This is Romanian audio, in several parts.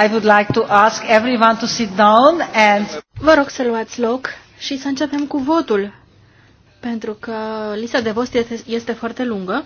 I would like to ask everyone to sit down and... Vă rog să luați loc și să începem cu votul, pentru că lista de vot este, este foarte lungă.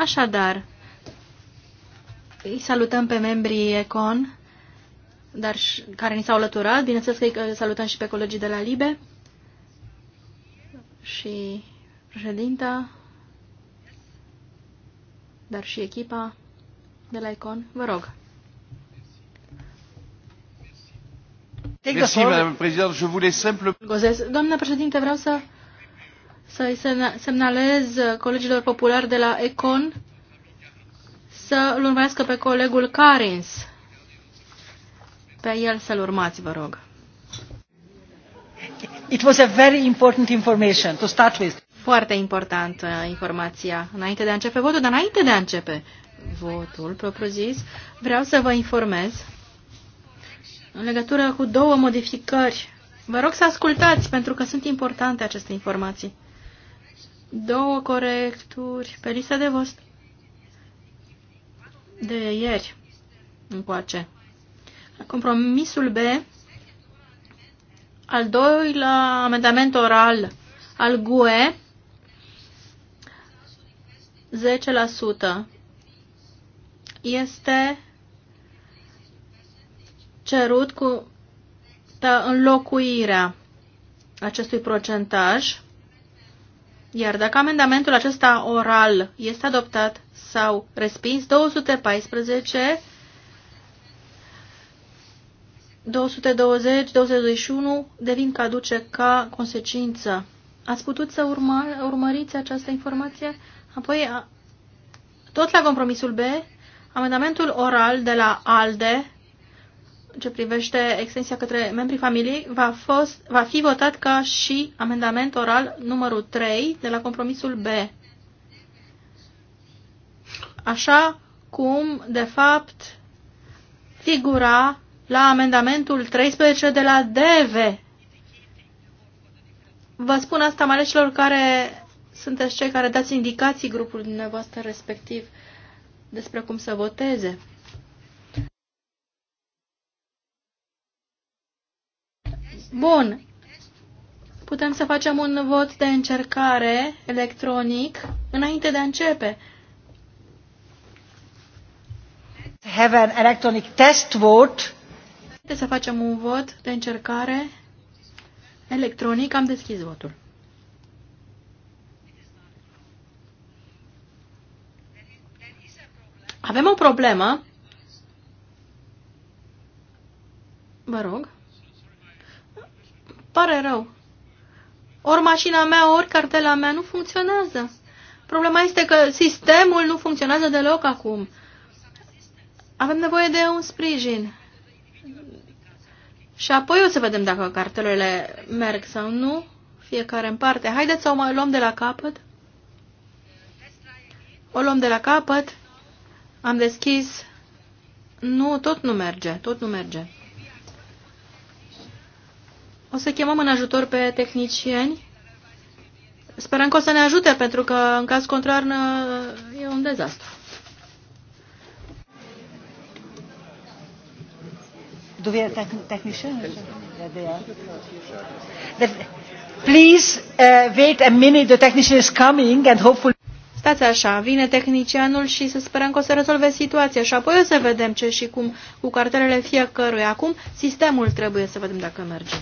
Așadar, îi salutăm pe membrii ECON, dar și, care ni s-au alăturat. Bineînțeles că îi salutăm și pe colegii de la LIBE și președinta, dar și echipa de la ECON. Vă rog. Mulțumesc, doamnă președinte, vreau să să-i semnalez colegilor populari de la Econ să-l urmească pe colegul Carins. Pe el să-l urmați, vă rog. It was a very important information to start with. Foarte importantă informația înainte de a începe votul, dar înainte de a începe votul propriu-zis, vreau să vă informez în legătură cu două modificări. Vă rog să ascultați, pentru că sunt importante aceste informații. Două corecturi pe lista de vost de ieri încoace. Compromisul B, al doilea amendament oral al GUE, 10% este cerut cu da, înlocuirea acestui procentaj iar dacă amendamentul acesta oral este adoptat sau respins, 214, 220, 221 devin caduce ca consecință. Ați putut să urma, urmăriți această informație? Apoi, tot la compromisul B, amendamentul oral de la ALDE ce privește extensia către membrii familiei, va, fost, va fi votat ca și amendament oral numărul 3 de la compromisul B. Așa cum, de fapt, figura la amendamentul 13 de la DV. Vă spun asta mai ales care sunteți cei care dați indicații grupului dumneavoastră respectiv despre cum să voteze. Bun. Putem să facem un vot de încercare electronic înainte de a începe. Have an electronic test vote. Haideți să facem un vot de încercare electronic. Am deschis votul. Avem o problemă. Vă rog. Pare rău. Ori mașina mea, ori cartela mea nu funcționează. Problema este că sistemul nu funcționează deloc acum. Avem nevoie de un sprijin. Și apoi o să vedem dacă cartelele merg sau nu, fiecare în parte. Haideți să o mai luăm de la capăt. O luăm de la capăt. Am deschis. Nu, tot nu merge, tot nu merge. O să chemăm în ajutor pe tehnicieni. Sperăm că o să ne ajute, pentru că, în caz contrar, e un dezastru. Do we have technician? Yeah, The, please uh, wait a minute. The technician is coming and hopefully. Stați așa, vine tehnicianul și să sperăm că o să rezolve situația și apoi o să vedem ce și cum cu cartelele fiecăruia. Acum sistemul trebuie să vedem dacă merge.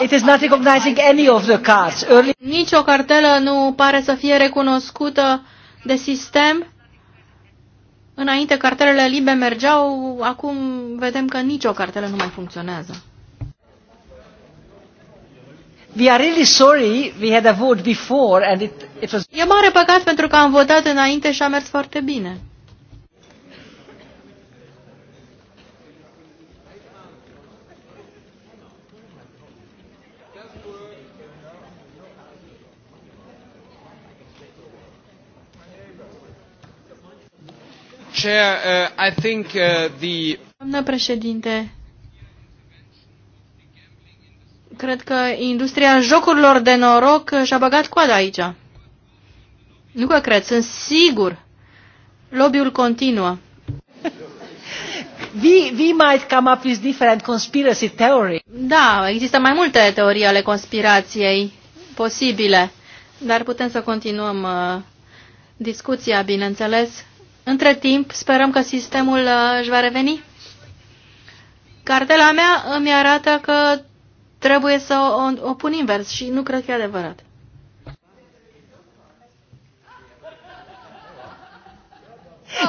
It is not recognizing any of the cards. Early... Nici o cartelă nu pare să fie recunoscută de sistem. Înainte cartelele libe mergeau, acum vedem că nicio cartelă nu mai funcționează. We are really sorry we had a vote before and it, it was... E mare păcat pentru că am votat înainte și a mers foarte bine. Chair, uh, I think uh, the... Doamnă președinte, cred că industria jocurilor de noroc și-a băgat coada aici. Nu că cred, sunt sigur. Lobby-ul continuă. We, we might come up with different conspiracy theory. Da, există mai multe teorii ale conspirației posibile, dar putem să continuăm uh, discuția, bineînțeles. Între timp, sperăm că sistemul uh, își va reveni. Cartela mea îmi arată că trebuie să o, o pun invers și nu cred că e adevărat.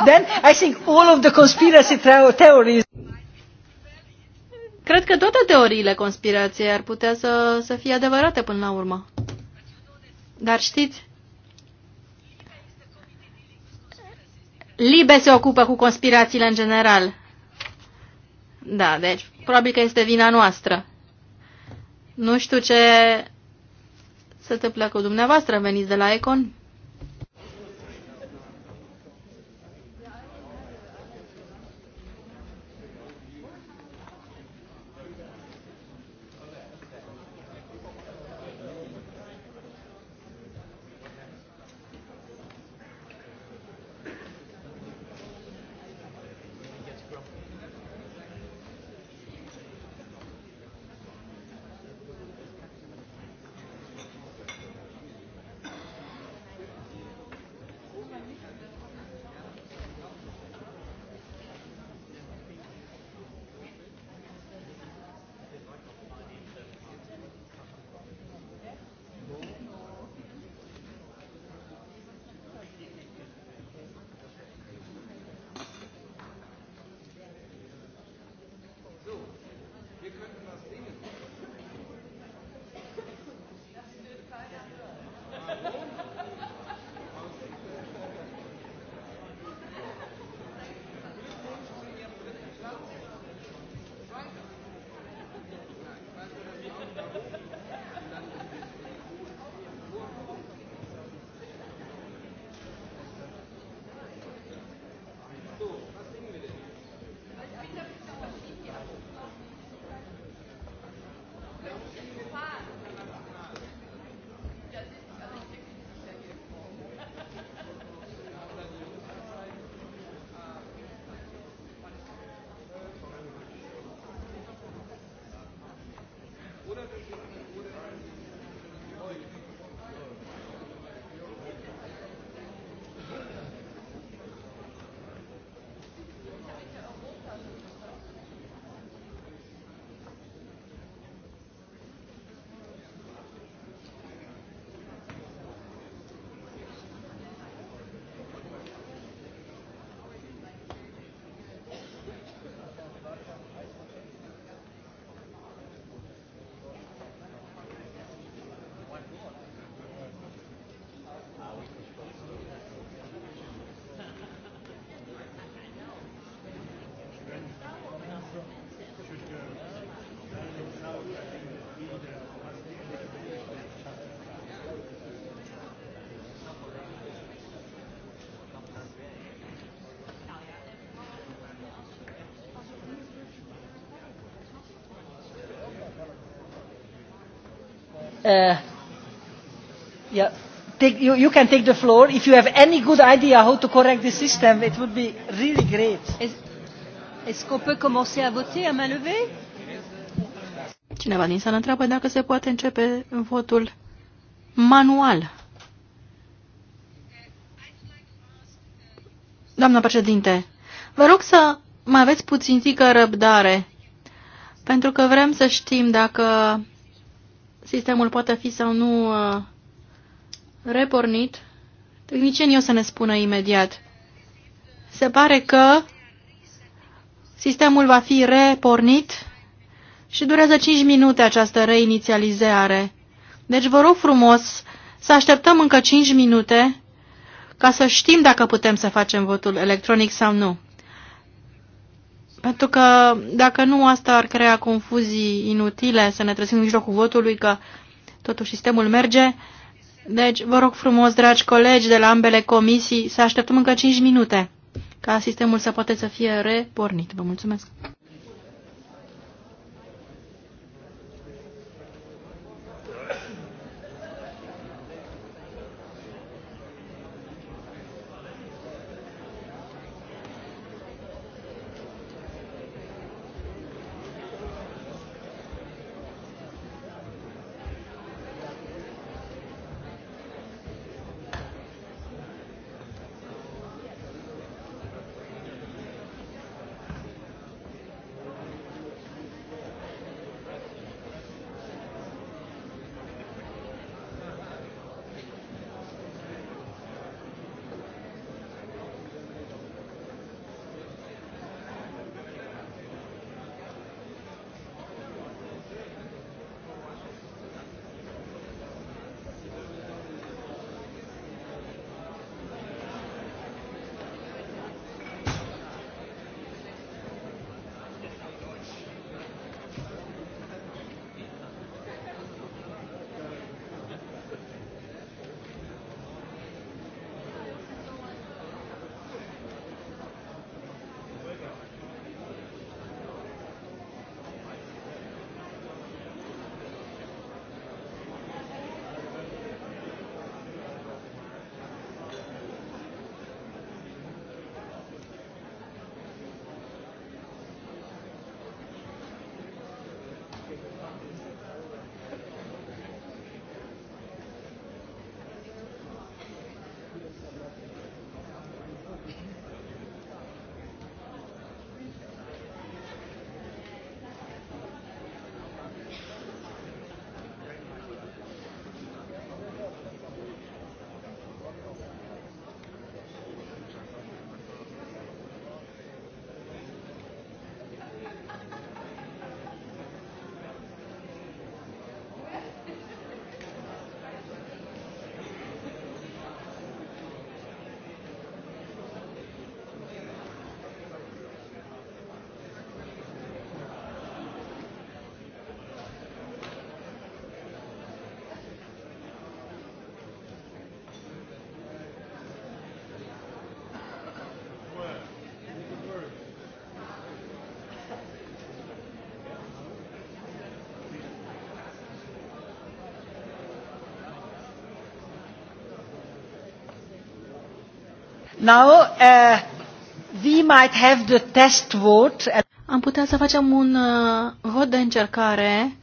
Then I think all of the conspiracy theories. Cred că toate teoriile conspirației ar putea să, să fie adevărate până la urmă. Dar știți, Libe se ocupă cu conspirațiile în general. Da, deci probabil că este vina noastră. Nu știu ce să te placă dumneavoastră, veniți de la Econ. Uh, you, can take the floor. If you have any good idea how to correct the system, it would be really great. Est-ce qu'on peut commencer à voter à main levée? Cineva din sală întreabă dacă se poate începe votul manual. Doamna președinte, vă rog să mai aveți puțin tică răbdare, pentru că vrem să știm dacă sistemul poate fi sau nu uh, repornit, tehnicienii o să ne spună imediat. Se pare că sistemul va fi repornit și durează 5 minute această reinițializare. Deci vă rog frumos să așteptăm încă 5 minute ca să știm dacă putem să facem votul electronic sau nu. Pentru că dacă nu, asta ar crea confuzii inutile să ne trezim în mijlocul votului că totuși sistemul merge. Deci, vă rog frumos, dragi colegi de la ambele comisii, să așteptăm încă 5 minute ca sistemul să poate să fie repornit. Vă mulțumesc! Now, uh, we might have the test vote. Am putea să facem un uh, vot de încercare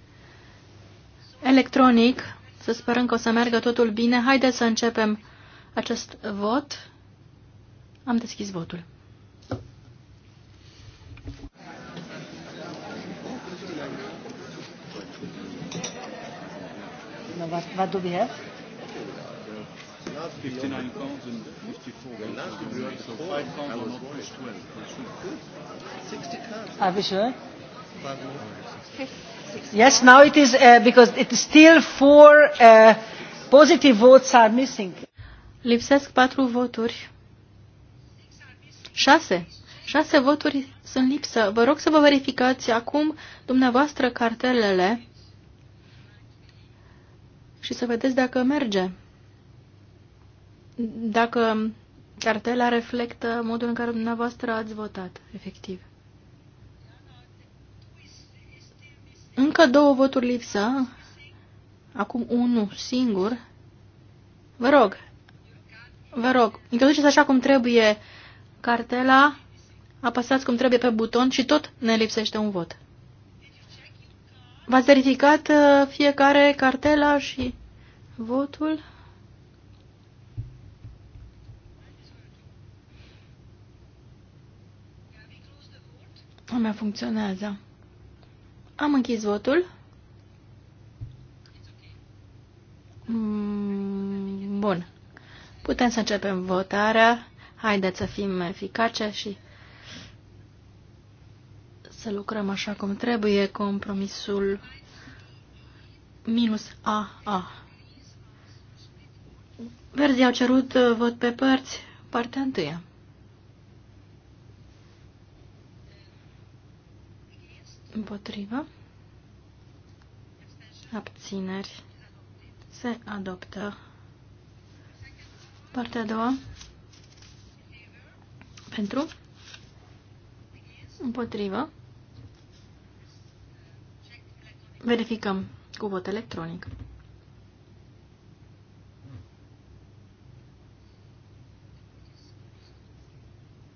electronic. Să sperăm că o să meargă totul bine. Haideți să începem acest vot. Am deschis votul. No, what, what do are we sure? Yes, now it is uh, because it is still four uh, positive votes are missing. Lipsesc patru voturi. Șase. Șase voturi sunt lipsă. Vă rog să vă verificați acum dumneavoastră cartelele și să vedeți dacă merge dacă cartela reflectă modul în care dumneavoastră ați votat, efectiv. Încă două voturi lipsă, acum unul singur. Vă rog, vă rog, introduceți așa cum trebuie cartela, apăsați cum trebuie pe buton și tot ne lipsește un vot. V-ați verificat uh, fiecare cartela și votul? A mea funcționează. Am închis votul. Mm, bun. Putem să începem votarea. Haideți să fim eficace și să lucrăm așa cum trebuie. Compromisul minus AA. Verzii au cerut vot pe părți, partea întâia. Împotrivă. Abțineri. Se adoptă. Partea a doua. Pentru. Împotrivă. Verificăm cu vot electronic.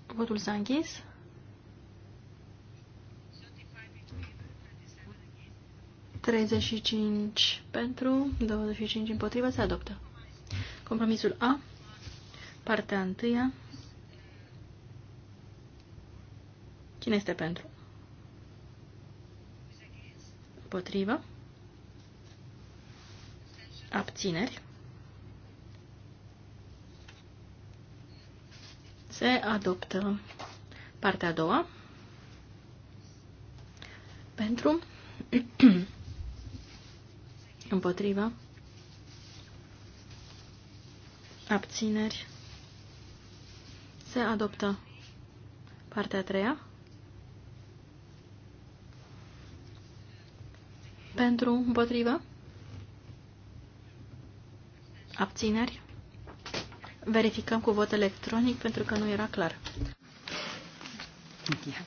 Votul s-a închis. 35 pentru, 25 împotriva, se adoptă. Compromisul A, partea întâia. Cine este pentru? Împotriva. Abțineri. Se adoptă partea a doua. Pentru Împotriva. Abțineri. Se adoptă. Partea a treia. Pentru împotrivă. Abțineri. Verificăm cu vot electronic pentru că nu era clar. Yeah.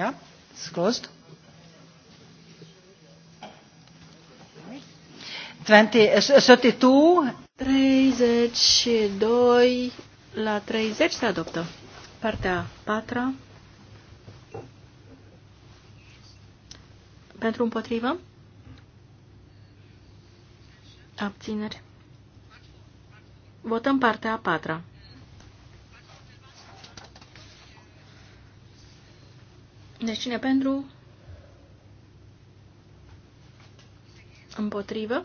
Yeah? It's closed. 20, 32. 32 la 30 se adoptă. Partea 4. Pentru împotrivă? Abțineri. Votăm partea a patra. Deci cine pentru? Împotrivă.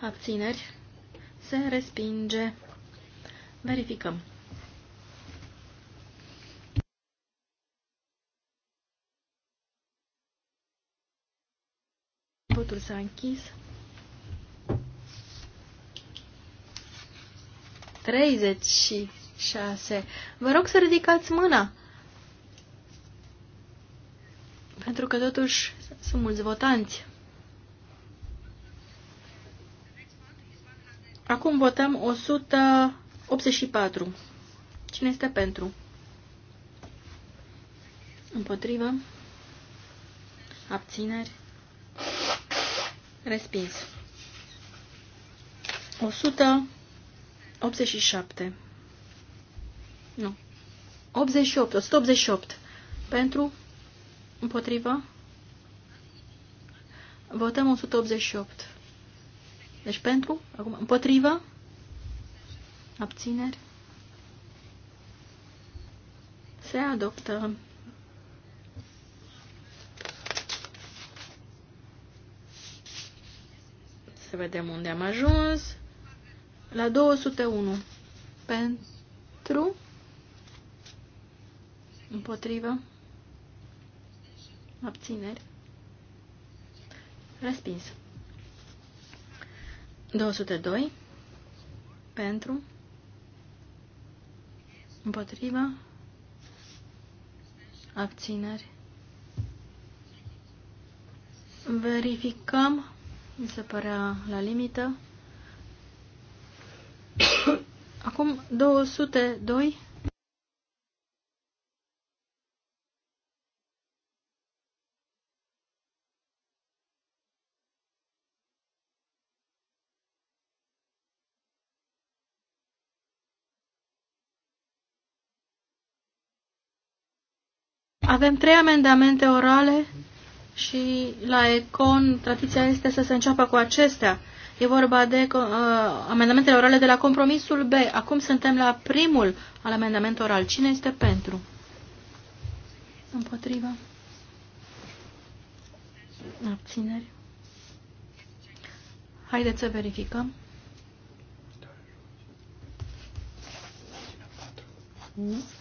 Abțineri. Se respinge. Verificăm. Votul s-a închis. 36. Vă rog să ridicați mâna. Pentru că totuși sunt mulți votanți. Acum votăm 184. Cine este pentru? Împotrivă. Abțineri. Respins. 187. Nu. 88. 188. Pentru Împotrivă? Votăm 188. Deci pentru? Acum, împotrivă? Abțineri? Se adoptă. Să vedem unde am ajuns. La 201. Pentru? Împotrivă? abțineri, respins. 202 pentru, împotriva, abțineri. Verificăm, mi se părea la limită. Acum 202 Avem trei amendamente orale și la ECON tradiția este să se înceapă cu acestea. E vorba de uh, amendamentele orale de la compromisul B. Acum suntem la primul al amendament oral. Cine este pentru? Împotriva. Abțineri. Haideți să verificăm. Mm-hmm.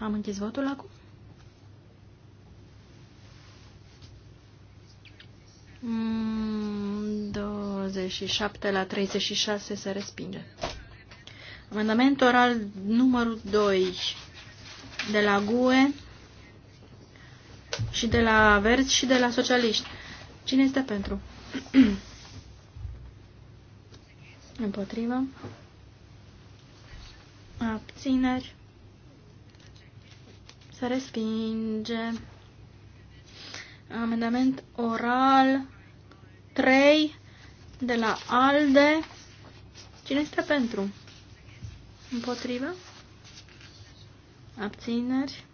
Am închis votul acum? Mm, 27 la 36 se respinge. Amendament oral numărul 2 de la GUE și de la Verzi și de la Socialiști. Cine este pentru? Împotrivă. Abțineri. Se respinge. Amendament oral 3 de la ALDE. Cine este pentru? Împotrivă? Abțineri?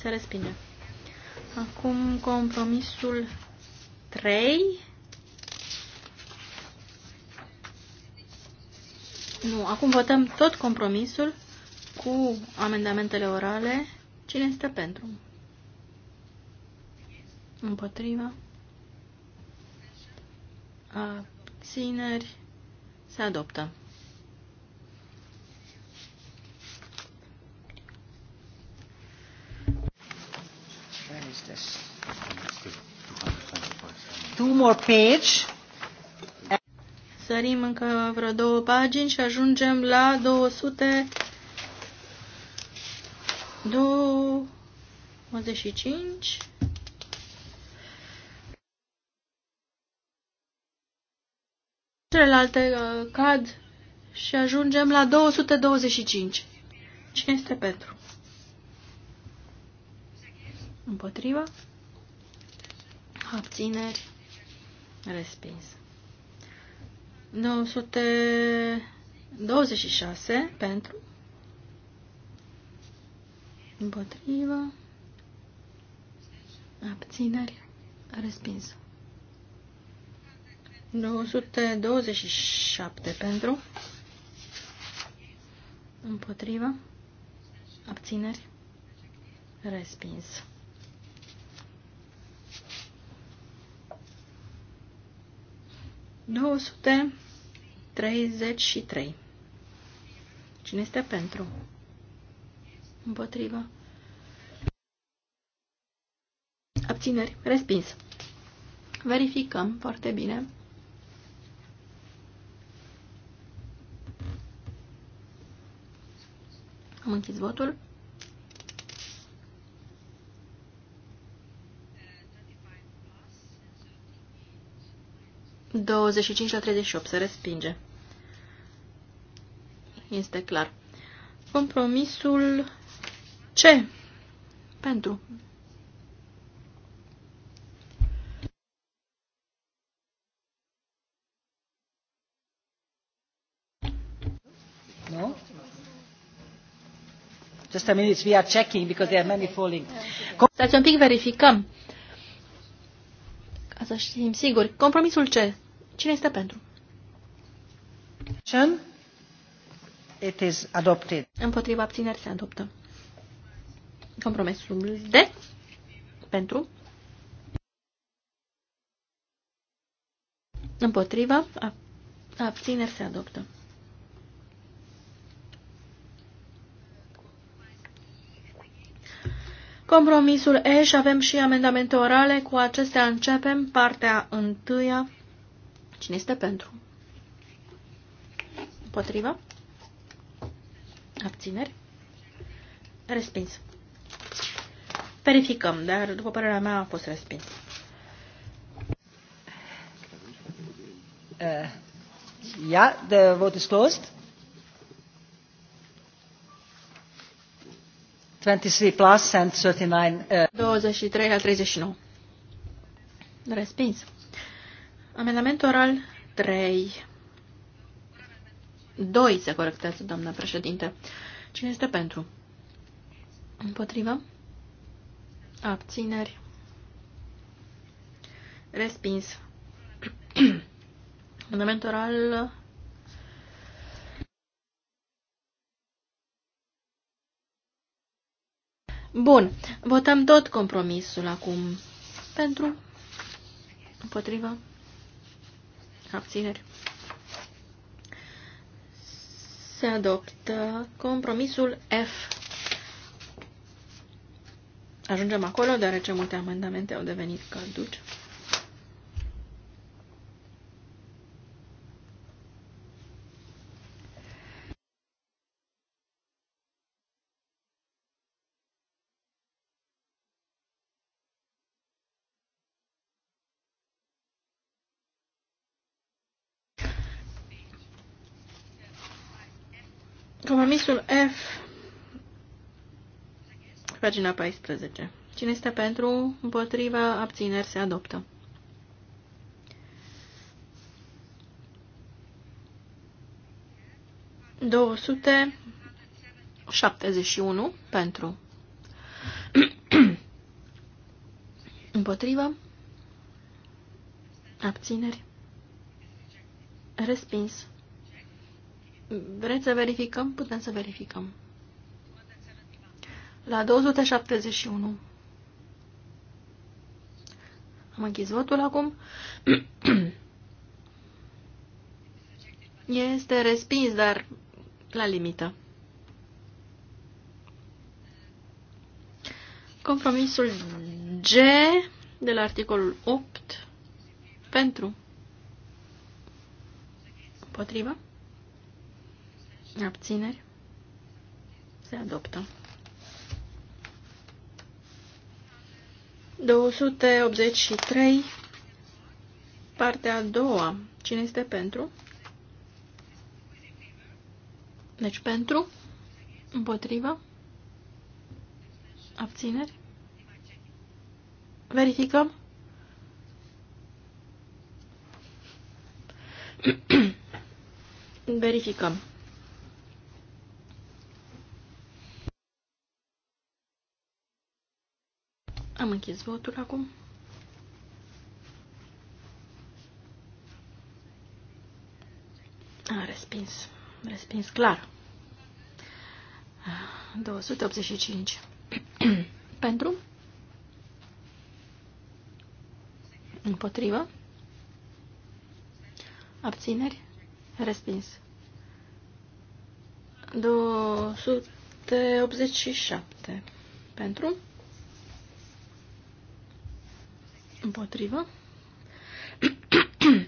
Se respinge. Acum compromisul 3. Nu, acum votăm tot compromisul cu amendamentele orale Cine este pentru? Împotriva. țineri. Se adoptă. Two more page. Sărim încă vreo două pagini și ajungem la 200. 25 Celelalte uh, cad și ajungem la 225. Cine este pentru? Împotriva? Abțineri? Respins. 926 pentru împotrivă, abțineri, respins. 227 pentru, împotrivă, abțineri, respins. Două sute treizeci și trei. Cine este pentru? Împotrivă. Abțineri. Respins. Verificăm foarte bine. Am închis votul. Douăzeci la 38 Se respinge. Este clar. Compromisul ce Pentru. No? Just a minute, we are checking because there are many falling. Stați un pic, verificăm. Ca să știm sigur. Compromisul ce? Cine este pentru? It is adopted. Împotriva abțineri se adoptă. Compromisul de pentru împotriva abțineri se adoptă. Compromisul E și avem și amendamente orale. Cu acestea începem partea întâia. Cine este pentru? Împotriva? Abțineri? Respins. Verificăm, dar după părerea mea a fost respins. Uh, eh, yeah, the vote is closed. 23 plus and 39. Uh... 23 la 39. Respins. Amendament oral 3. 2 se corectează, doamna președinte. Cine este pentru? Împotrivă? abțineri, respins. Amendament oral Bun, votăm tot compromisul acum. Pentru, împotriva, abțineri. Se adoptă compromisul F ajungem acolo, deoarece multe amendamente au devenit călduci. Compromisul F Pagina 14. Cine este pentru, împotriva, abțineri, se adoptă. Două sute șaptezeci unu pentru împotriva abțineri respins. Vreți să verificăm? Putem să verificăm. La 271. Am închis votul acum. Este respins, dar la limită. Compromisul G de la articolul 8 pentru împotriva abțineri se adoptă. 283, partea a doua. Cine este pentru? Deci pentru, împotriva, abțineri. Verificăm. Verificăm. Am închis votul acum. A, respins. Respins clar. 285. Pentru? Împotrivă? Abțineri? Respins. 287. Pentru? Împotrivă.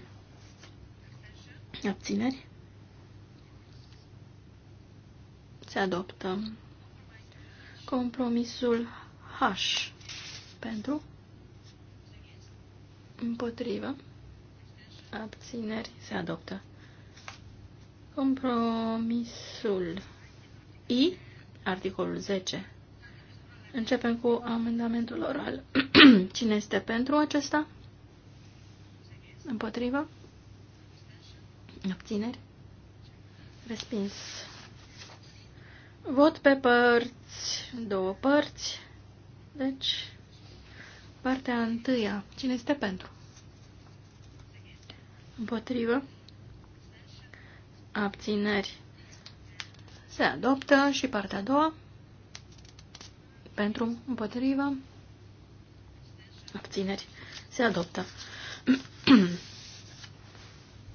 Abțineri. Se adoptă compromisul H pentru împotrivă. Abțineri se adoptă. Compromisul I, articolul 10 Începem cu amendamentul oral. Cine este pentru acesta? Împotrivă? Abțineri? Respins. Vot pe părți. Două părți. Deci, partea întâia. Cine este pentru? Împotrivă? Abțineri? Se adoptă și partea a doua pentru, împotriva, abțineri, se adoptă.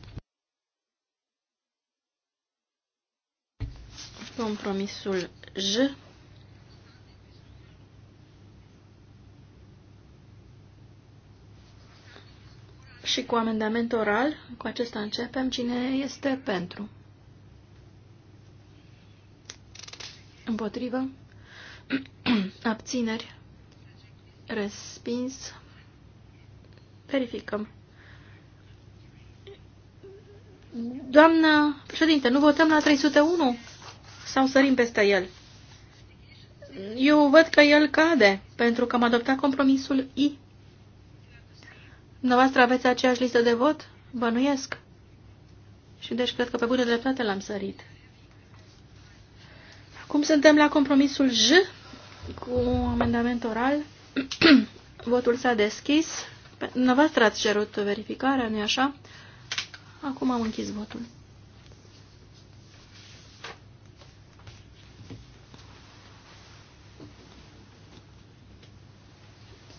Compromisul J și cu amendament oral, cu acesta începem, cine este pentru. Împotrivă? Abțineri. Respins. Verificăm. Doamnă președinte, nu votăm la 301? Sau sărim peste el? Eu văd că el cade, pentru că am adoptat compromisul I. Dumneavoastră aveți aceeași listă de vot? Bănuiesc. Și deci cred că pe bună dreptate l-am sărit. Cum suntem la compromisul J cu amendament oral. Votul s-a deschis. Dumneavoastră ați cerut verificarea, nu-i așa? Acum am închis votul.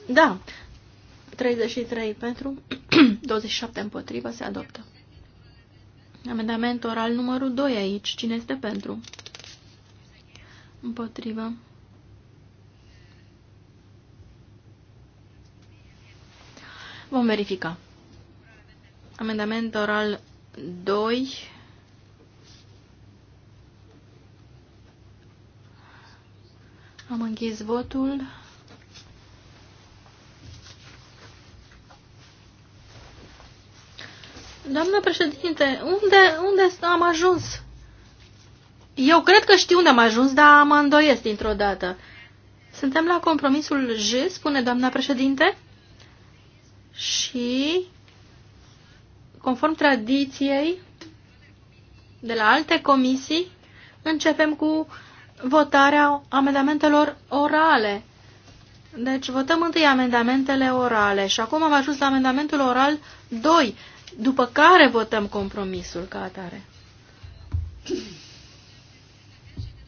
Da, 33 pentru, 27 împotriva, se adoptă. Amendament oral numărul 2 aici. Cine este pentru? Împotrivă. Vom verifica. Amendament oral 2. Am închis votul. Doamnă președinte, unde, unde am ajuns? Eu cred că știu unde am ajuns, dar mă îndoiesc dintr-o dată. Suntem la compromisul J, spune doamna președinte? și, conform tradiției de la alte comisii, începem cu votarea amendamentelor orale. Deci votăm întâi amendamentele orale și acum am ajuns la amendamentul oral 2, după care votăm compromisul ca atare.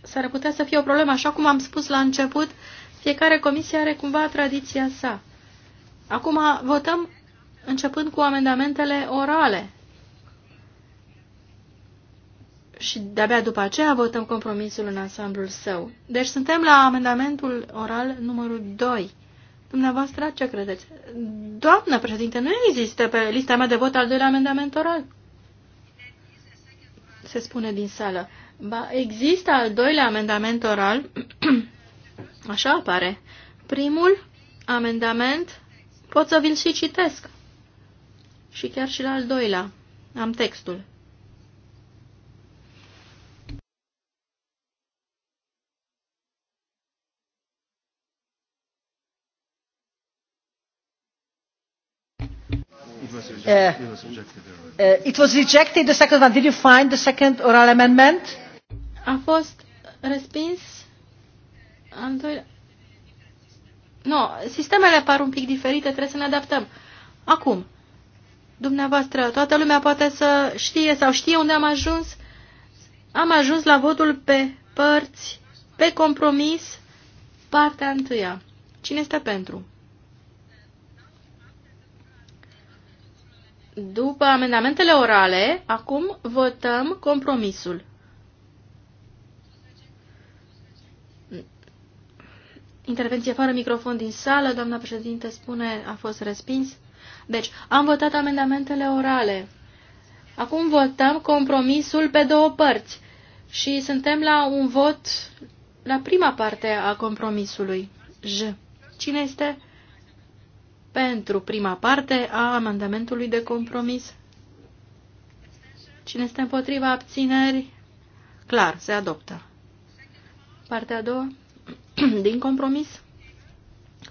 S-ar putea să fie o problemă, așa cum am spus la început, fiecare comisie are cumva tradiția sa. Acum votăm începând cu amendamentele orale. Și de-abia după aceea votăm compromisul în ansamblul său. Deci suntem la amendamentul oral numărul 2. Dumneavoastră, ce credeți? Doamnă președinte, nu există pe lista mea de vot al doilea amendament oral. Se spune din sală. Ba, există al doilea amendament oral. Așa apare. Primul amendament Pot să vi-l și citesc. Și chiar și la al doilea. Am textul. Uh, uh, it was rejected, the second one. Did you find the second oral amendment? A fost respins al doilea. No, sistemele par un pic diferite, trebuie să ne adaptăm. Acum, dumneavoastră, toată lumea poate să știe sau știe unde am ajuns. Am ajuns la votul pe părți, pe compromis, partea întâia. Cine este pentru? După amendamentele orale, acum votăm compromisul. Intervenție fără microfon din sală, doamna președinte spune, a fost respins. Deci, am votat amendamentele orale. Acum votăm compromisul pe două părți și suntem la un vot la prima parte a compromisului. J. Cine este pentru prima parte a amendamentului de compromis? Cine este împotriva abțineri? Clar, se adoptă. Partea a doua. din compromis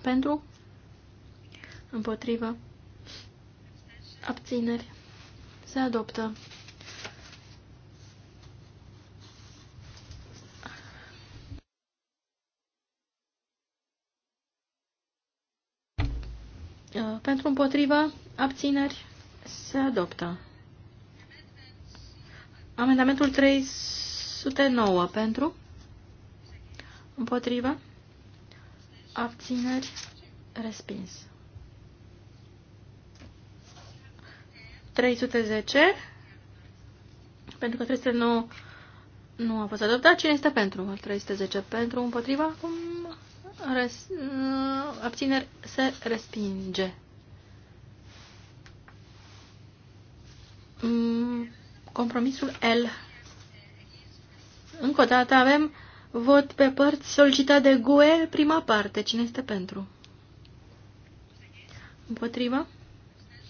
pentru împotrivă abțineri se adoptă. Uh, pentru împotrivă, abțineri, se adoptă. Amendamentul 309 pentru, împotrivă, abțineri, respins. 310, pentru că 309 nu a fost adoptat. Cine este pentru? 310 pentru, împotriva, acum res, mm, abțineri se respinge. Mm, compromisul L. Încă o dată avem Vot pe părți solicitat de GUE, prima parte. Cine este pentru? Împotriva?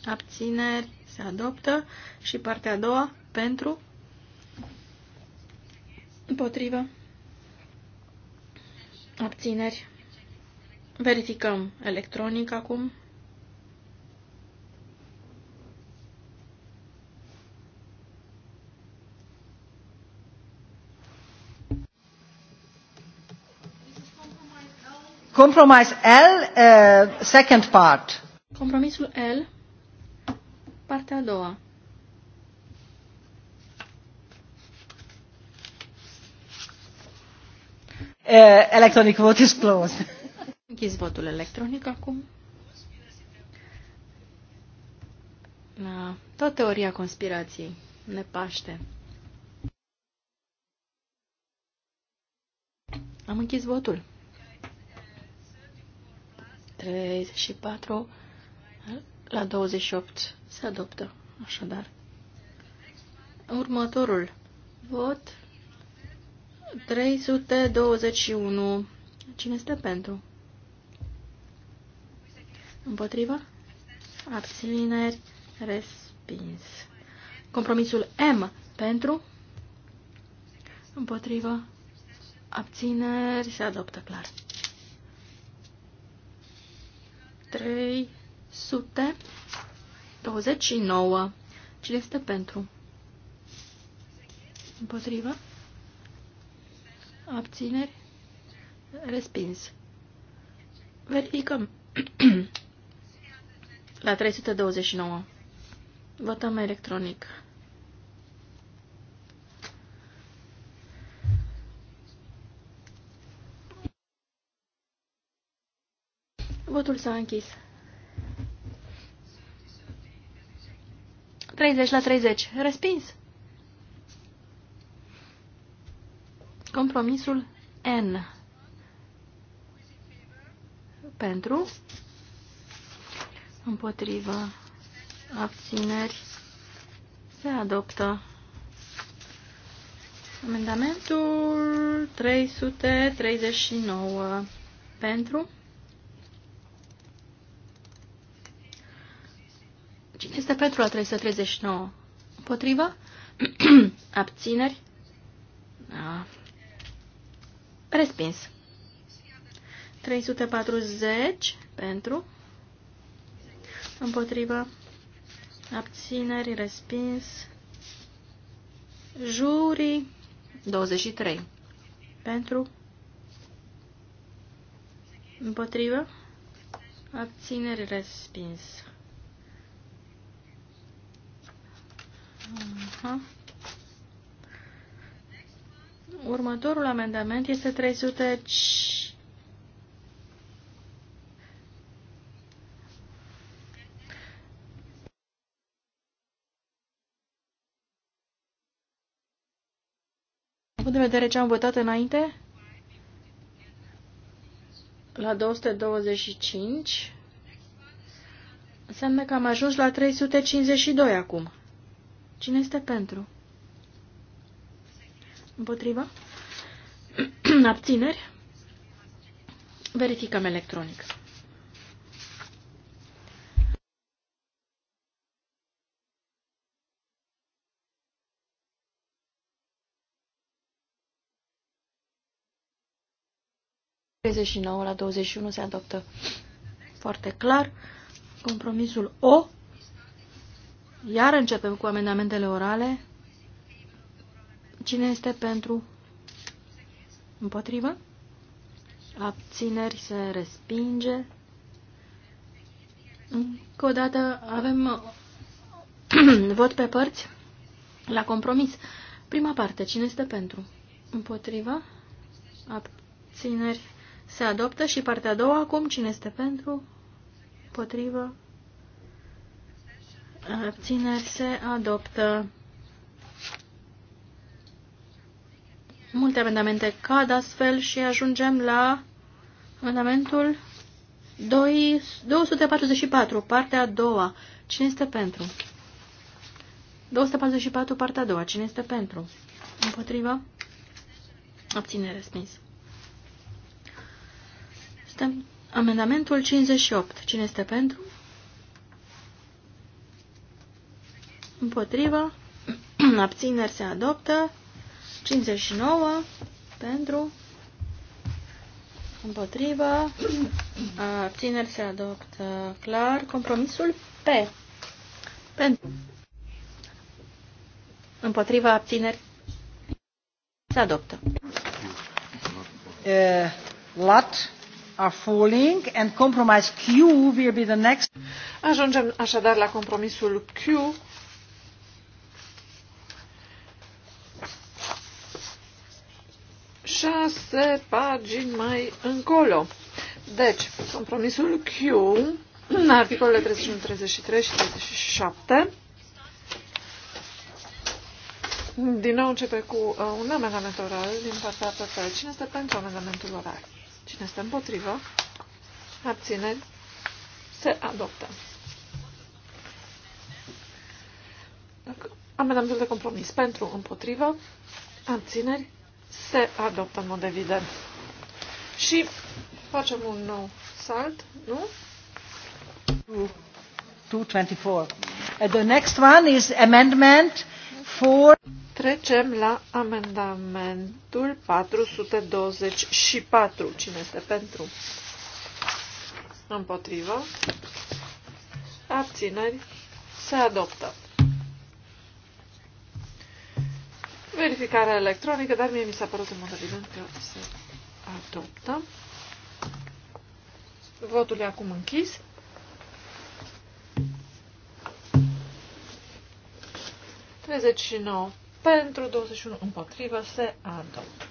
Abțineri se adoptă. Și partea a doua, pentru? Împotriva? Abțineri. Verificăm electronic acum. Compromise L, uh, second part. Compromisul L, partea a doua. Uh, electronic vote is closed. Închis votul electronic acum. La tot teoria conspirației ne paște. Am închis votul. 34 la 28 se adoptă, așadar. Următorul vot 321. Cine este pentru? Împotriva? Abțineri. Respins. Compromisul M pentru? Împotriva? Abțineri. Se adoptă clar. 329. Cine este pentru? Împotrivă? Abțineri? Respins. Verificăm. La 329. Votăm electronic. Votul s-a închis. 30 la 30. Respins. Compromisul N. Pentru. Împotrivă. Abțineri. Se adoptă. Amendamentul 339. Pentru. este pentru la 339? Împotriva? Abțineri? Da. Respins. 340 pentru. Împotriva. Abțineri, respins. Jurii. 23. Pentru. Împotriva. Abțineri, respins. Aha. Următorul amendament este 300. Având în vedere ce am votat înainte, la 225, înseamnă că am ajuns la 352 acum. Cine este pentru? Împotriva? Abțineri? Verificăm electronic. la 21 se adoptă foarte clar. Compromisul O iar începem cu amendamentele orale. Cine este pentru? Împotrivă? Abțineri se respinge. Încă o dată avem vot pe părți la compromis. Prima parte, cine este pentru? Împotriva? Abțineri se adoptă și partea a doua acum, cine este pentru? Împotrivă? Abțineri se adoptă. Multe amendamente cad astfel și ajungem la amendamentul 244, partea a doua. Cine este pentru? 244, partea a doua. Cine este pentru? Împotriva? Abține respins. Amendamentul 58. Cine este pentru? împotrivă, abțineri se adoptă, 59 pentru, împotrivă, abțineri se adoptă, clar, compromisul P, pentru, împotriva abțineri se adoptă. Uh, lot are falling and compromise Q will be the next. Ajungem așadar la compromisul Q șase pagini mai încolo. Deci, compromisul Q, în articolele 31, 33 și 37, din nou începe cu uh, un amendament oral din partea PP. Cine este pentru amendamentul oral? Cine este împotrivă? Abțineri? Se adoptă. Amendamentul de compromis pentru împotrivă, abțineri, se adoptă în mod evident. Și facem un nou salt, nu? 224. Uh, the next one is amendment for... Trecem la amendamentul 424. Cine este pentru? Împotrivă. Abțineri. Se adoptă. Verificarea electronică, dar mie mi s-a părut în mod evident că se adoptă. Votul e acum închis. Treizeci pentru, 21 împotrivă, se adoptă.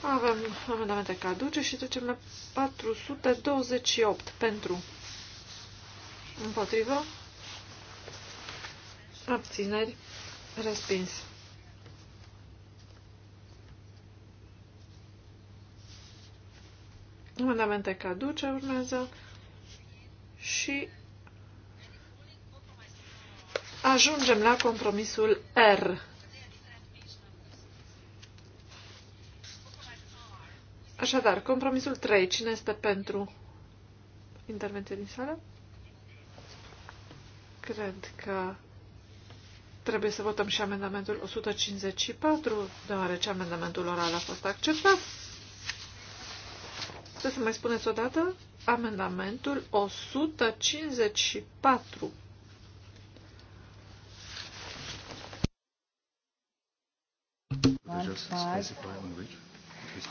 Avem amendamente caduce și trecem la 428 pentru împotrivă, abțineri, Respins. Amendamente caduce urmează și ajungem la compromisul R. Așadar, compromisul 3. Cine este pentru intervenție din sală? Cred că Trebuie să votăm și amendamentul 154, deoarece amendamentul oral a fost acceptat. Să să mai spuneți odată? Amendamentul 154.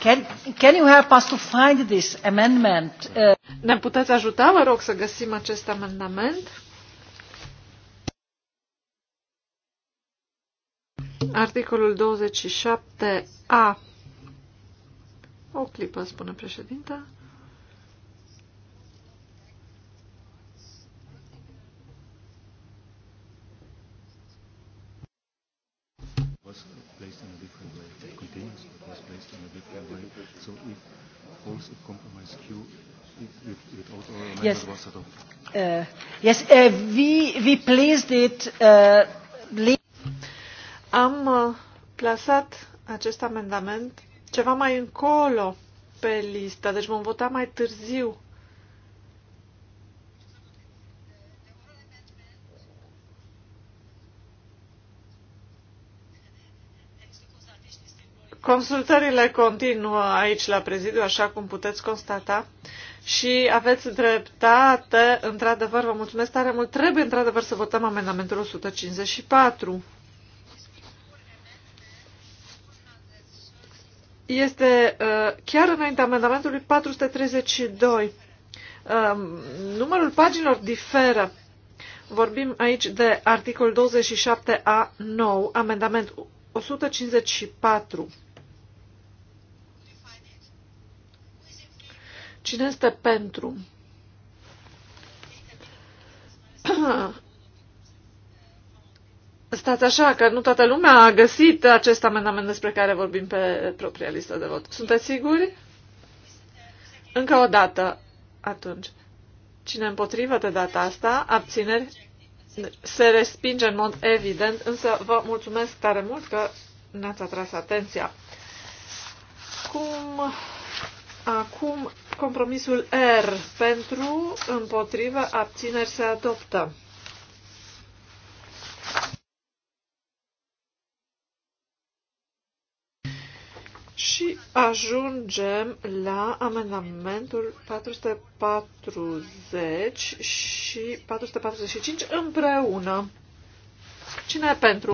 Can, can you help us to find this amendment? Uh... Ne puteți ajuta, vă rog, să găsim acest amendament? Articolul 27a. O clipă, spune președinta. So if also compromise Q, it, also yes. was Uh, yes, uh, we, we placed it. Uh, am uh, plasat acest amendament ceva mai încolo pe listă, deci vom vota mai târziu. Consultările continuă aici la prezidiu, așa cum puteți constata. Și aveți dreptate, într-adevăr, vă mulțumesc tare mult. Trebuie, într-adevăr, să votăm amendamentul 154. este uh, chiar înaintea amendamentului 432. Um, numărul paginilor diferă. Vorbim aici de articol 27a 9, amendament 154. Cine este pentru? Uh, Stați așa, că nu toată lumea a găsit acest amendament despre care vorbim pe propria listă de vot. Sunteți siguri? Încă o dată, atunci. Cine împotrivă de data asta, abțineri, se respinge în mod evident, însă vă mulțumesc tare mult că ne-ați atras atenția. Cum acum compromisul R pentru împotrivă abțineri se adoptă. Ajungem la amendamentul 440 și 445 împreună. Cine e pentru?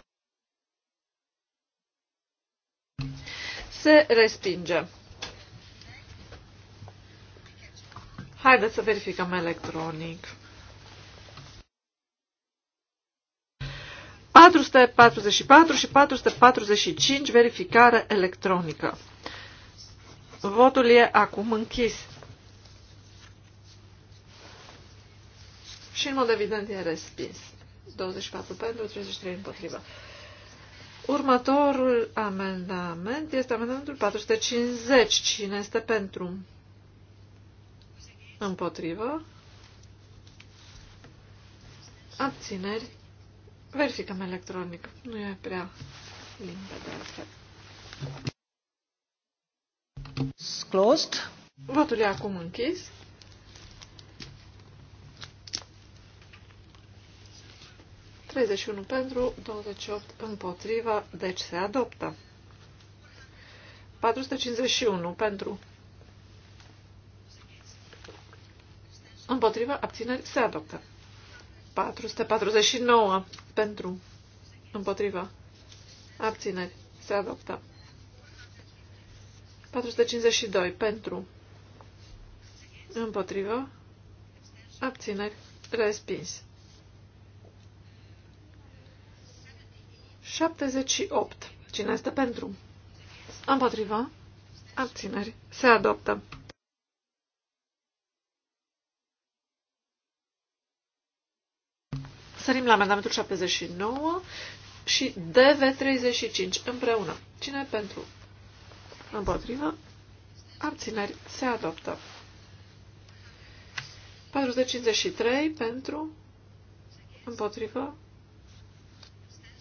Se respinge. Haideți să verificăm electronic. 444 și 445 verificare electronică. Votul e acum închis. Și în mod evident e respins. 24 pentru, 33 împotriva. Următorul amendament este amendamentul 450. Cine este pentru? Împotrivă. Abțineri. Verificăm electronic. Nu e prea limpede It's closed. Votul e acum închis. Treizeci unu pentru, 28 împotriva, deci se adoptă. 451 pentru. Împotriva abțineri se adoptă. 449 pentru. Împotriva abțineri se adoptă. 452 pentru. Împotrivă. Abțineri. Respins. 78. Cine este pentru? Împotrivă. Abțineri. Se adoptă. Sărim la amendamentul 79 și DV35 împreună. Cine pentru? Împotrivă. Abțineri. Se adoptă. 453 pentru. Împotrivă.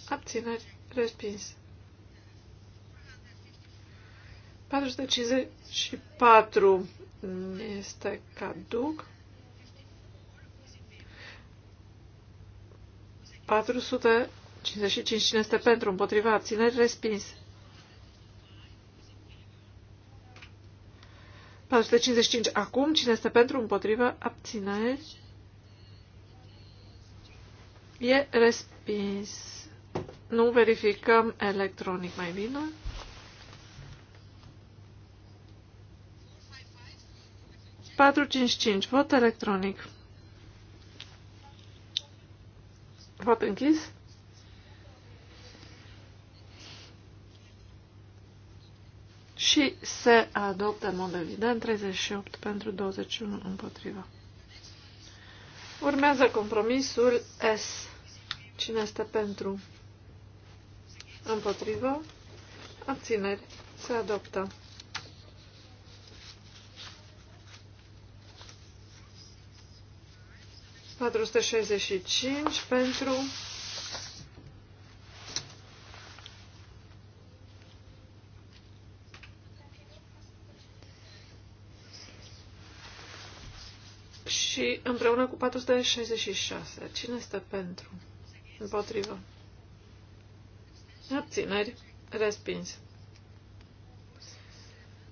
Abțineri. Respins. 454 este caduc. 455 cine este pentru, împotriva, abțineri, respins. 455 acum. Cine este pentru, împotrivă, abțineri. E respins. Nu verificăm electronic mai bine. Patru cinci cinci. Vot electronic. Vot închis. și se adoptă în mod evident 38 pentru 21 împotriva. Urmează compromisul S. Cine este pentru? Împotrivă? Abțineri. Se adoptă. patru pentru împreună cu 466. Cine este pentru? Împotrivă. Abțineri. Respins.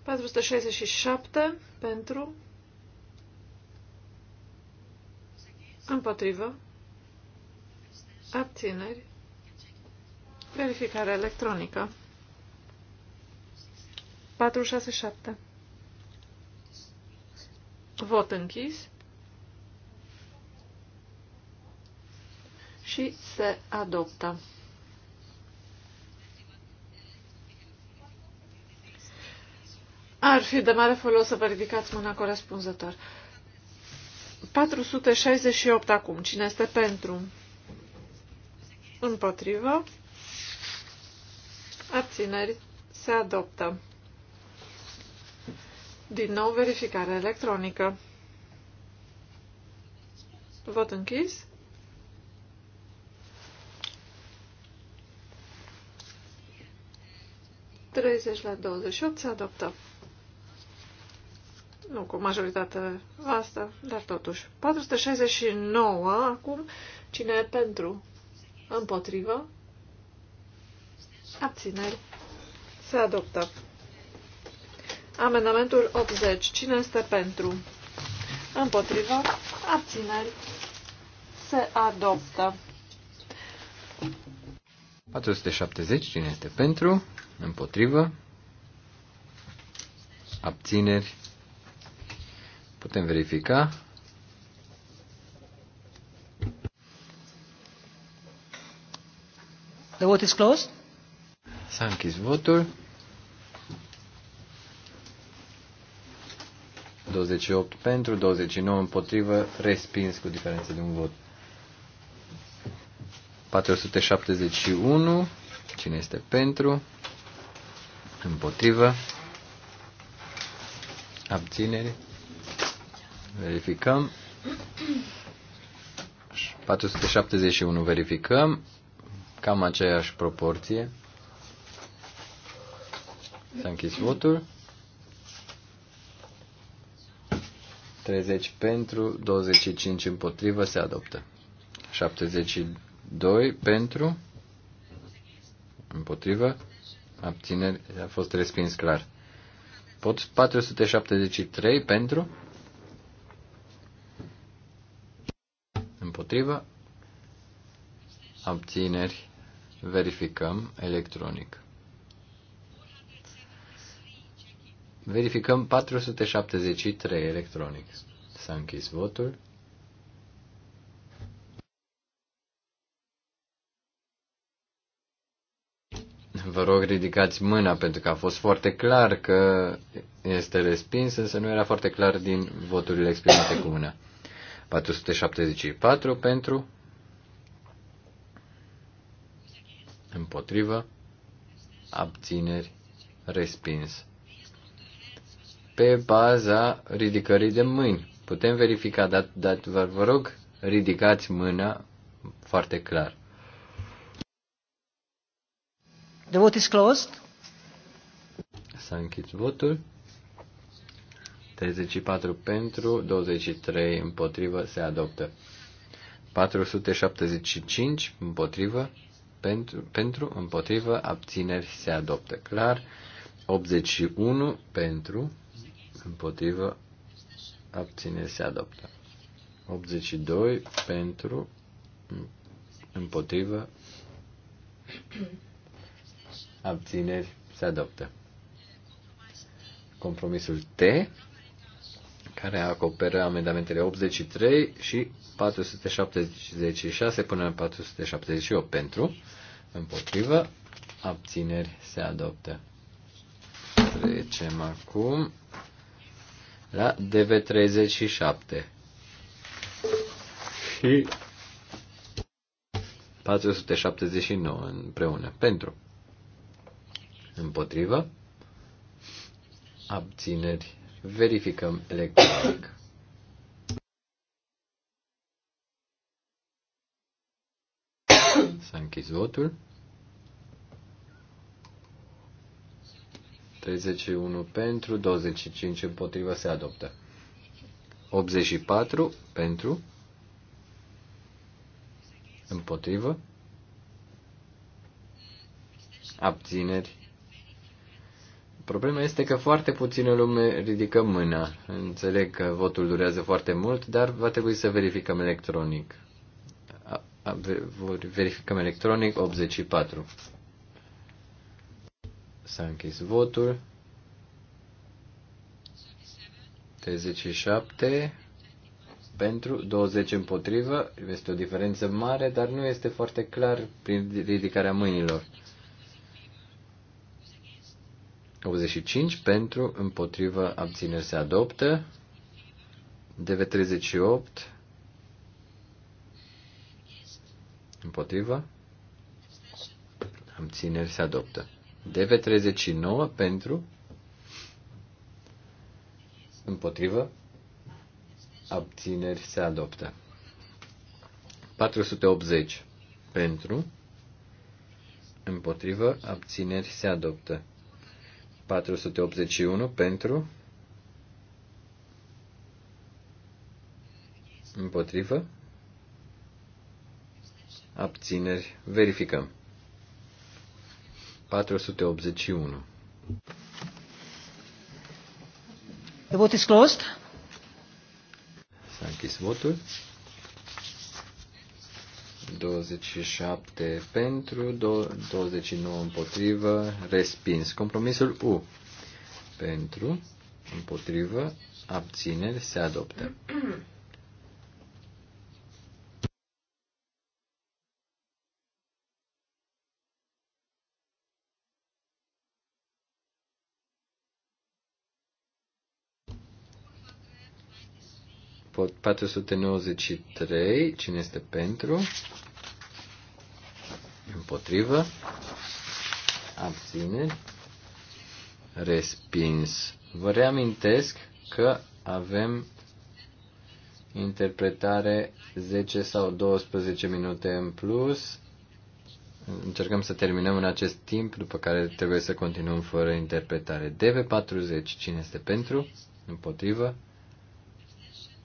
467 pentru. Împotrivă. Abțineri. Verificare electronică. 467. Vot închis. și se adoptă. Ar fi de mare folos să vă ridicați mâna corespunzător. 468 acum. Cine este pentru? Împotrivă. Abțineri. Se adoptă. Din nou verificare electronică. Vot închis. 30 la 28 se adoptă. Nu cu majoritate vastă, dar totuși. 469 acum. Cine e pentru? Împotrivă? Abțineri. Se adoptă. Amendamentul 80. Cine este pentru? Împotrivă? Abțineri. Se adoptă. 470. Cine este pentru? Împotrivă. Abțineri. Putem verifica. The vote is closed. S-a închis votul. 28 pentru, 29 împotrivă, respins cu diferență de un vot. 471, cine este pentru, Împotrivă. Abțineri. Verificăm. 471 verificăm. Cam aceeași proporție. S-a închis votul. 30 pentru, 25 împotrivă, se adoptă. 72 pentru, împotrivă, abțineri, a fost respins clar. Pot 473 pentru, Împotrivă? abțineri, verificăm electronic. Verificăm 473 electronic. S-a închis votul. Vă rog, ridicați mâna, pentru că a fost foarte clar că este respins, însă nu era foarte clar din voturile exprimate cu mâna. 474 pentru, împotrivă, abțineri, respins. Pe baza ridicării de mâini. Putem verifica, dar, vă, vă rog, ridicați mâna foarte clar. The vote is closed. S-a închis votul. 34 pentru, 23 împotrivă, se adoptă. 475 împotrivă, pentru, pentru împotrivă, abțineri, se adoptă. Clar. 81 pentru, împotrivă, abțineri, se adoptă. 82 pentru, împotrivă, abțineri, se adoptă. Compromisul T, care acoperă amendamentele 83 și 476 până la 478 pentru, împotrivă, abțineri, se adoptă. Trecem acum la DV37 și 479 împreună pentru Împotrivă. Abțineri. Verificăm electronic. S-a închis votul. 31 pentru, 25 împotrivă se adoptă. 84 pentru, împotrivă, abțineri, Problema este că foarte puțină lume ridică mâna. Înțeleg că votul durează foarte mult, dar va trebui să verificăm electronic. Verificăm electronic 84. S-a închis votul. 37 pentru, 20 împotrivă. Este o diferență mare, dar nu este foarte clar prin ridicarea mâinilor. 85 pentru, împotrivă, abțineri se adoptă. DV38 împotrivă, abțineri se adoptă. DV39 pentru, împotrivă, abțineri se adoptă. 480 pentru, împotrivă, abțineri se adoptă. 481 pentru, împotrivă, abțineri, verificăm. 481. The vote is closed. S-a închis votul. 27 pentru, 29 împotrivă, respins. Compromisul U pentru, împotrivă, abțineri, se adoptă. 493. Cine este pentru? Împotrivă. Abțineri. Respins. Vă reamintesc că avem interpretare 10 sau 12 minute în plus. Încercăm să terminăm în acest timp, după care trebuie să continuăm fără interpretare. DV40, cine este pentru? Împotrivă?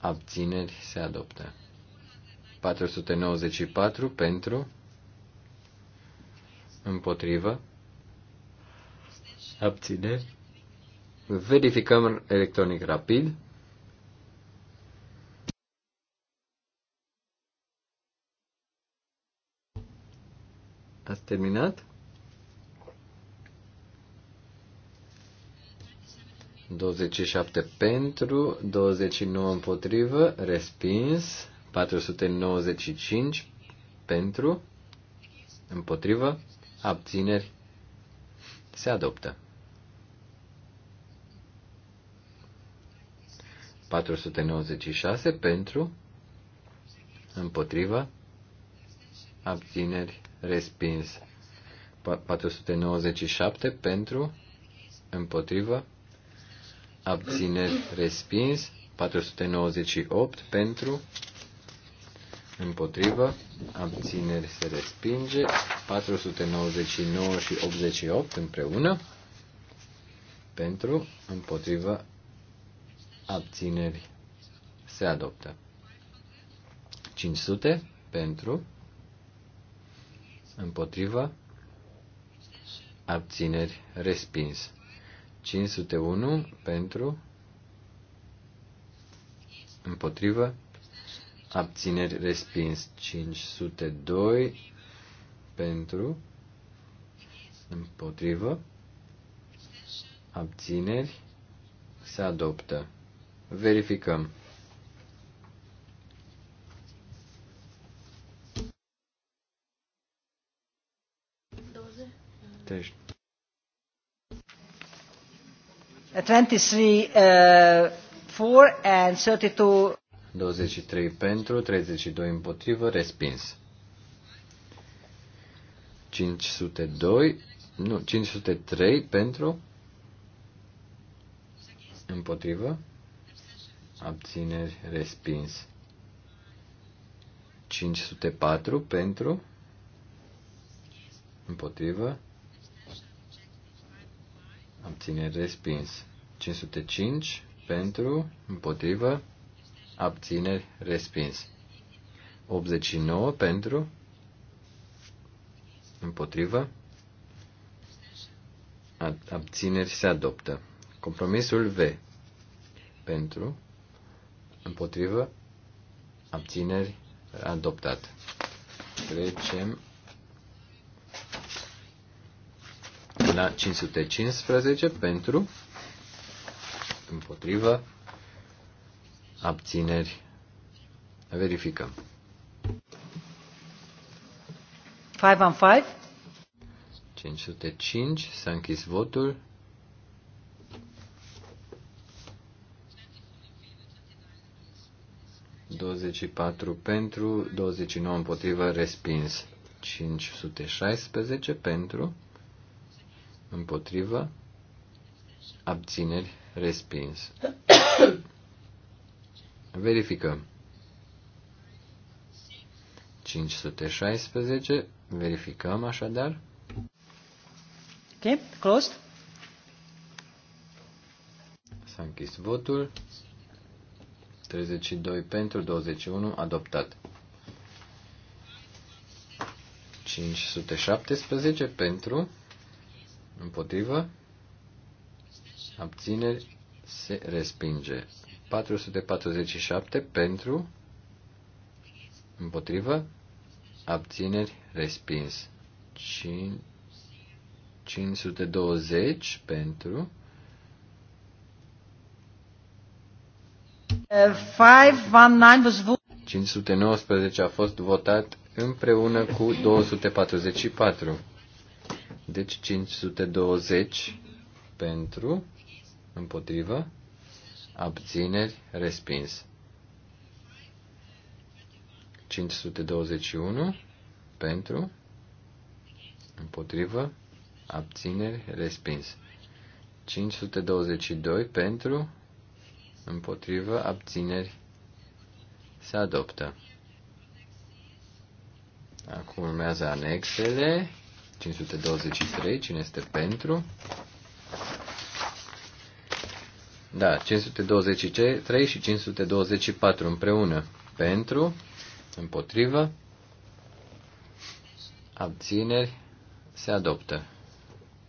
abțineri se adoptă. 494 pentru, împotrivă, abțineri. Verificăm electronic rapid. Ați terminat? 27 pentru, 29 împotrivă, respins, 495 pentru, împotrivă, abțineri, se adoptă. 496 pentru, împotrivă, abțineri, respins. 497 pentru, împotrivă, abțineri respins, 498 pentru, împotrivă, abțineri se respinge, 499 și 88 împreună, pentru, împotrivă, abțineri se adoptă. 500 pentru, împotrivă, abțineri respins. 501 pentru, împotrivă, abțineri respins. 502 pentru, împotrivă, abțineri se adoptă. Verificăm. Deci, 23 32 23 pentru, 32 împotrivă, respins. 502, nu, 503 pentru, împotrivă, abțineri, respins. 504 pentru, împotrivă, Abține respins. 505 pentru, împotrivă, abțineri respins. 89 pentru, împotrivă, abțineri se adoptă. Compromisul V pentru, împotrivă, abțineri adoptat. Trecem pagina 515 pentru, împotrivă, abțineri. Verificăm. 5 on 5. 505 s-a închis votul. 24 pentru, 29 împotrivă, respins. 516 pentru, împotrivă, abțineri, respins. Verificăm. 516, verificăm așadar. Ok, closed. S-a închis votul. 32 pentru, 21 adoptat. 517 pentru, Împotrivă. Abțineri. Se respinge. 447 pentru. Împotrivă. Abțineri. Respins. 520 pentru. Uh, 519 519 a fost votat împreună cu 244. Deci 520 pentru, împotrivă, abțineri, respins. 521 pentru, împotrivă, abțineri, respins. 522 pentru, împotrivă, abțineri, se adoptă. Acum urmează anexele. 523, cine este pentru? Da, 523 și 524 împreună. Pentru, împotrivă, abțineri, se adoptă.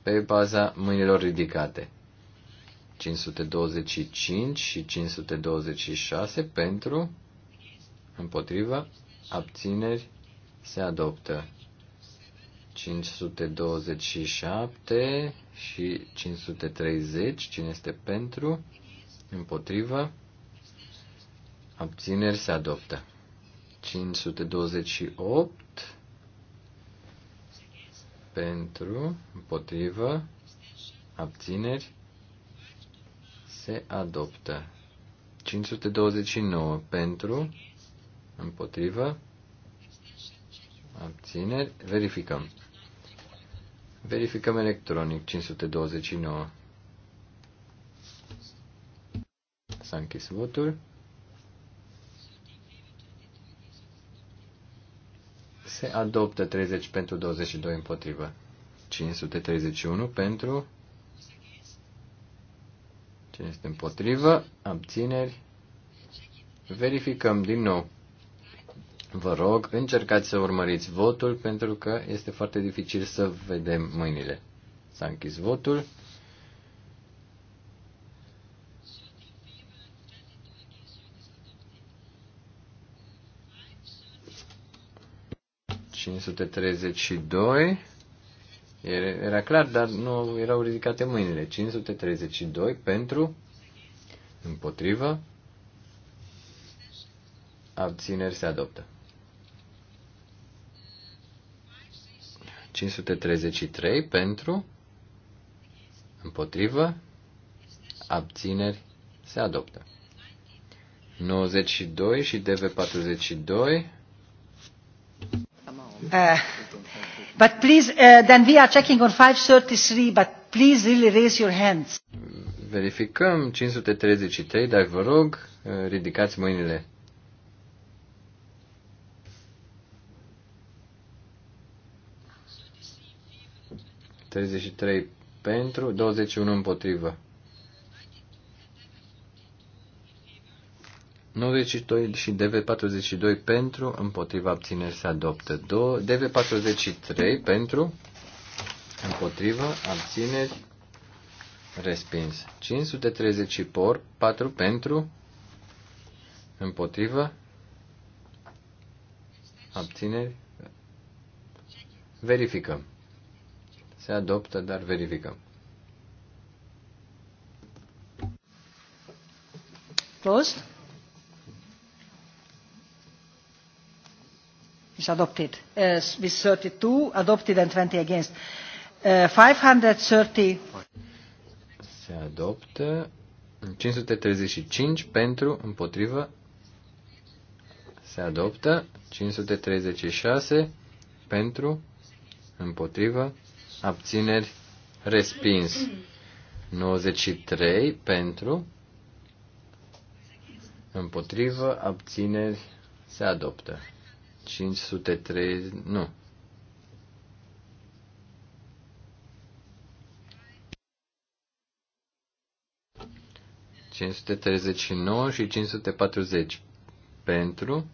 Pe baza mâinilor ridicate. 525 și 526 pentru, împotrivă, abțineri, se adoptă. 527 și 530, cine este pentru, împotrivă, abțineri se adoptă. 528 pentru, împotrivă, abțineri se adoptă. 529 pentru, împotrivă, abțineri, verificăm. Verificăm electronic 529. S-a închis votul. Se adoptă 30 pentru 22 împotrivă. 531 pentru. Cine este împotrivă? Abțineri. Verificăm din nou. Vă rog, încercați să urmăriți votul pentru că este foarte dificil să vedem mâinile. S-a închis votul. ...532... Era clar, dar nu erau ridicate mâinile. 532 pentru, împotrivă, abțineri se adoptă. 533 pentru, împotrivă, abțineri, se adoptă. 92 și DV42. Uh, but please, uh, then we are checking on 533, but please really raise your hands. Verificăm 533, dar vă rog, uh, ridicați mâinile 33 pentru, 21 împotrivă. 92 și DV42 pentru, împotriva abțineri se adoptă. DV43 pentru, împotriva abțineri respins. 534 pentru, împotriva abțineri. Verificăm. Se adoptă, dar verificăm. Closed. Is adopted. Uh, with 32 adopted and 20 against. Uh, 530. Se adoptă 535 pentru, împotrivă, se adoptă 536 pentru, împotrivă, abțineri, respins. 93 pentru, împotrivă, abțineri, se adoptă. 503, nu. ...539 și 540 pentru,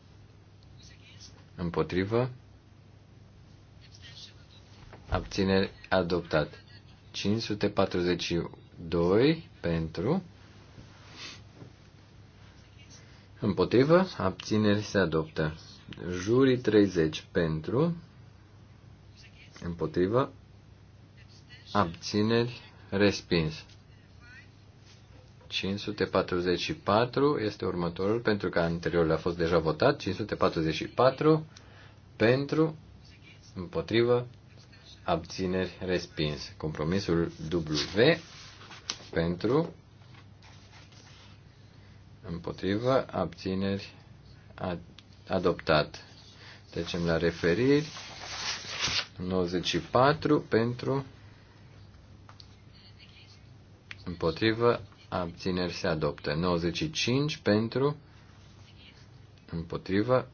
împotrivă, abțineri adoptat. 542 pentru, împotrivă, abțineri se adoptă. Jurii 30 pentru, împotrivă, abțineri respins. 544 este următorul, pentru că anteriorul a fost deja votat. 544 pentru, împotrivă, abțineri, respins. Compromisul W pentru, împotrivă, abțineri, adoptat. Trecem la referiri. 94 pentru, împotrivă, abțineri se adoptă. 95 pentru, împotrivă,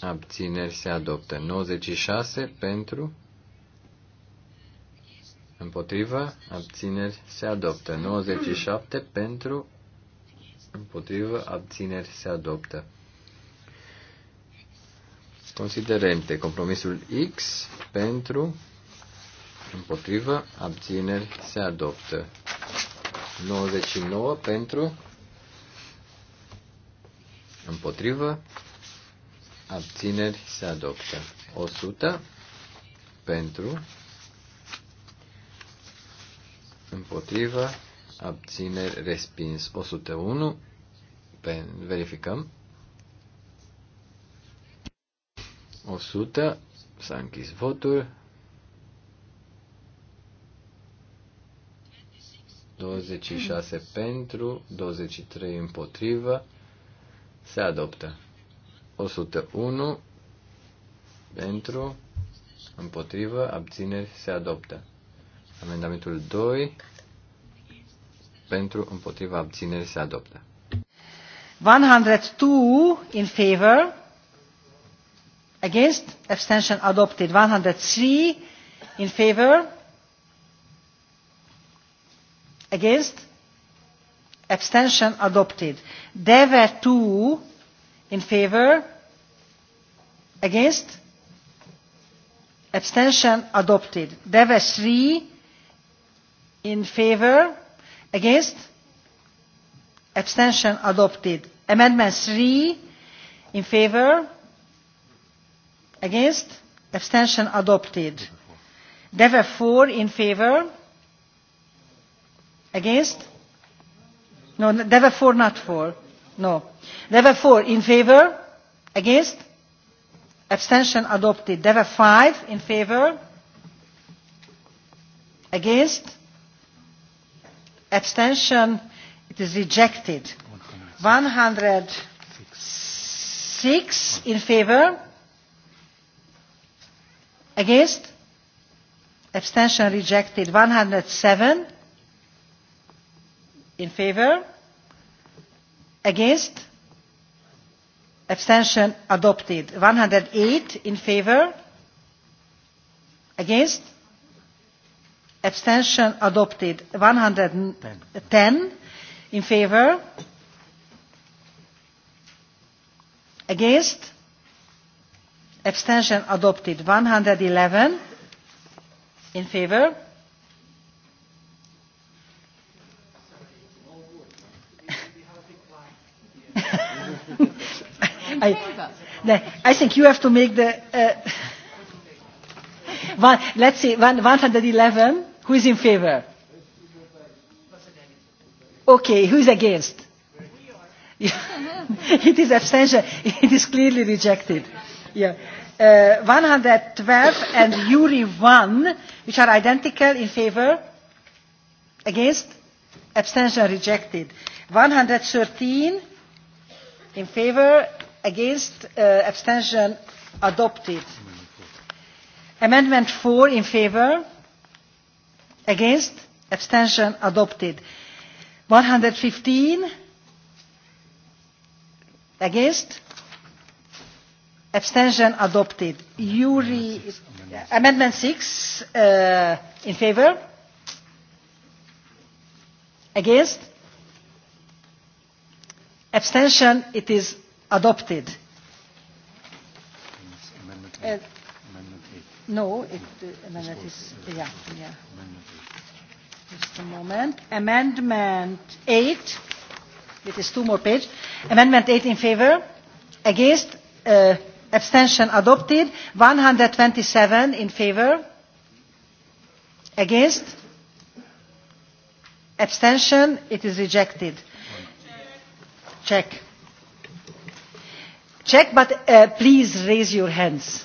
abțineri se adoptă. 96 pentru, Împotrivă, abțineri, se adoptă. 97 pentru, împotrivă, abțineri, se adoptă. Considerente, compromisul X pentru, împotrivă, abțineri, se adoptă. 99 pentru, împotrivă, abțineri, se adoptă. 100 pentru, împotriva, abțineri, respins. 101, Ben, verificăm. 100, s-a închis votul. 26 pentru, 23 împotrivă, se adoptă. 101 pentru, împotrivă, abțineri, se adoptă. Amendamentul 2 pentru împotriva abținerii se adoptă. 102 in favor against abstention adopted 103 in favor against abstention adopted there were 2 in favor against abstention adopted there were 3 in favor, against abstention adopted amendment 3 in favour against abstention adopted Deva 4 in favour against no deva 4 not 4 no deva 4 in favour against abstention adopted Deva 5 in favour against abstention it is rejected 106 in favor against abstention rejected 107 in favor against abstention adopted 108 in favor against abstention adopted 110 in favor against abstention adopted 111 in favor I, I think you have to make the uh, one, let's see one, 111 Who is in favor? Okay, who is against? it is abstention. It is clearly rejected. Yeah. Uh, 112 and Yuri 1, which are identical in favor, against, abstention rejected. 113 in favor, against, uh, abstention adopted. Amendment 4 in favor, against abstention adopted 115 against abstention adopted Yuri amendment six, uh, in favor against abstention it is adopted and No, it, uh, amendment is, yeah, yeah. Just a moment. Amendment 8. It is two more pages. Amendment 8 in favor. Against. Uh, abstention adopted. 127 in favor. Against. Abstention. It is rejected. Check. Check, but uh, please raise your hands.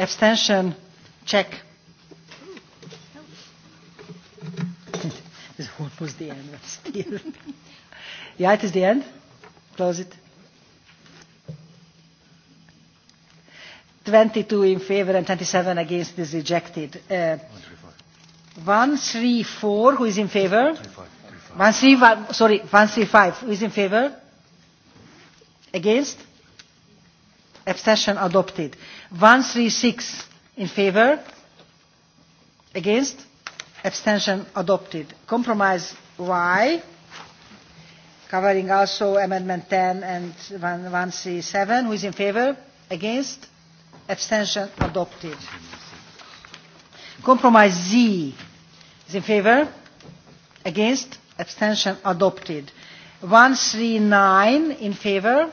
abstention check one was the end still yeah it is the end close it 22 in favor and 27 against is rejected uh, four who is in favor 135 sorry five who is in favor against abstention adopted. 136 in favour against abstention adopted. compromise y covering also amendment 10 and 137 who is in favour against abstention adopted. compromise z is in favour against abstention adopted. 139 in favour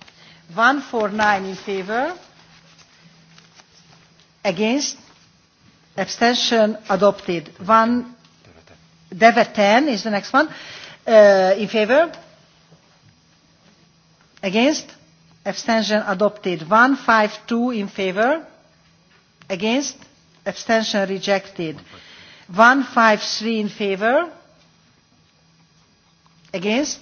149 in favor. Against. Abstention adopted. One, Deva is the next one. Uh, in favor? Against? Abstention adopted. 152 in favor? Against? Abstention rejected. 153 in favor? Against?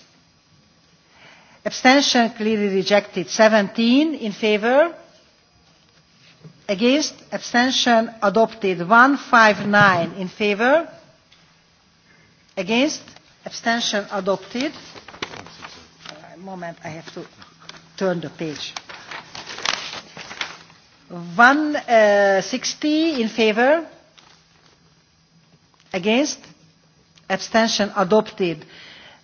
abstention clearly rejected 17 in favour, against abstention adopted 159 in favour, against abstention adopted uh, moment I have to turn the page 160 uh, in favour, against abstention adopted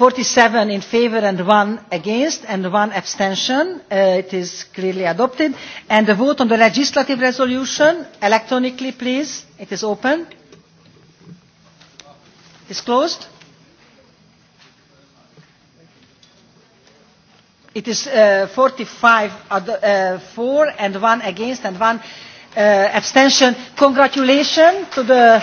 47 in favour and 1 against and 1 abstention. Uh, it is clearly adopted. And the vote on the legislative resolution, electronically please. It is open. It is closed. It is uh, 45 uh, 4 and 1 against and 1 uh, abstention. Congratulations to the